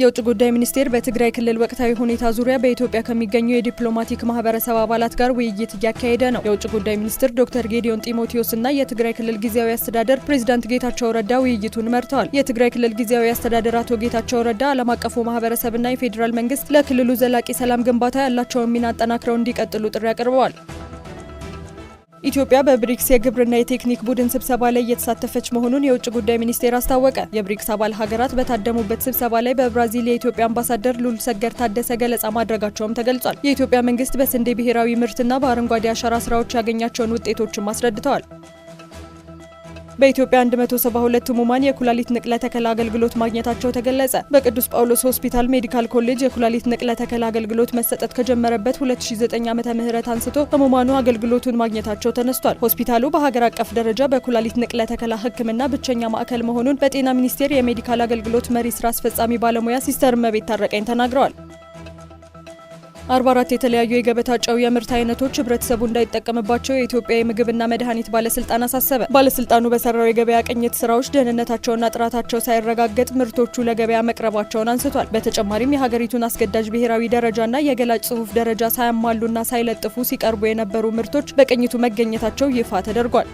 የውጭ ጉዳይ ሚኒስቴር በትግራይ ክልል ወቅታዊ ሁኔታ ዙሪያ በኢትዮጵያ ከሚገኙ የዲፕሎማቲክ ማህበረሰብ አባላት ጋር ውይይት እያካሄደ ነው። የውጭ ጉዳይ ሚኒስትር ዶክተር ጌዲዮን ጢሞቴዎስ እና የትግራይ ክልል ጊዜያዊ አስተዳደር ፕሬዚዳንት ጌታቸው ረዳ ውይይቱን መርተዋል። የትግራይ ክልል ጊዜያዊ አስተዳደር አቶ ጌታቸው ረዳ ዓለም አቀፉ ማህበረሰብና የፌዴራል መንግስት ለክልሉ ዘላቂ ሰላም ግንባታ ያላቸውን ሚና አጠናክረው እንዲቀጥሉ ጥሪ አቅርበዋል። ኢትዮጵያ በብሪክስ የግብርና የቴክኒክ ቡድን ስብሰባ ላይ እየተሳተፈች መሆኑን የውጭ ጉዳይ ሚኒስቴር አስታወቀ። የብሪክስ አባል ሀገራት በታደሙበት ስብሰባ ላይ በብራዚል የኢትዮጵያ አምባሳደር ሰገር ታደሰ ገለጻ ማድረጋቸውም ተገልጿል። የኢትዮጵያ መንግስት በስንዴ ብሔራዊ ምርትና በአረንጓዴ አሻራ ስራዎች ያገኛቸውን ውጤቶችም አስረድተዋል። በኢትዮጵያ 172 ህሙማን የኩላሊት ንቅለ ተከላ አገልግሎት ማግኘታቸው ተገለጸ። በቅዱስ ጳውሎስ ሆስፒታል ሜዲካል ኮሌጅ የኩላሊት ንቅለ ተከላ አገልግሎት መሰጠት ከጀመረበት 2009 ዓመተ ምህረት አንስቶ ህሙማኑ አገልግሎቱን ማግኘታቸው ተነስቷል። ሆስፒታሉ በሀገር አቀፍ ደረጃ በኩላሊት ንቅለ ተከላ ህክምና ብቸኛ ማዕከል መሆኑን በጤና ሚኒስቴር የሜዲካል አገልግሎት መሪ ስራ አስፈጻሚ ባለሙያ ሲስተር መቤት ታረቀኝ ተናግረዋል። 44 የተለያዩ የገበታ ጨው የምርት አይነቶች ህብረተሰቡ እንዳይጠቀምባቸው የኢትዮጵያ የምግብና መድኃኒት ባለስልጣን አሳሰበ። ባለስልጣኑ በሰራው የገበያ ቅኝት ስራዎች ደህንነታቸውና ጥራታቸው ሳይረጋገጥ ምርቶቹ ለገበያ መቅረባቸውን አንስቷል። በተጨማሪም የሀገሪቱን አስገዳጅ ብሔራዊ ደረጃና የገላጭ ጽሑፍ ደረጃ ሳያሟሉና ሳይለጥፉ ሲቀርቡ የነበሩ ምርቶች በቅኝቱ መገኘታቸው ይፋ ተደርጓል።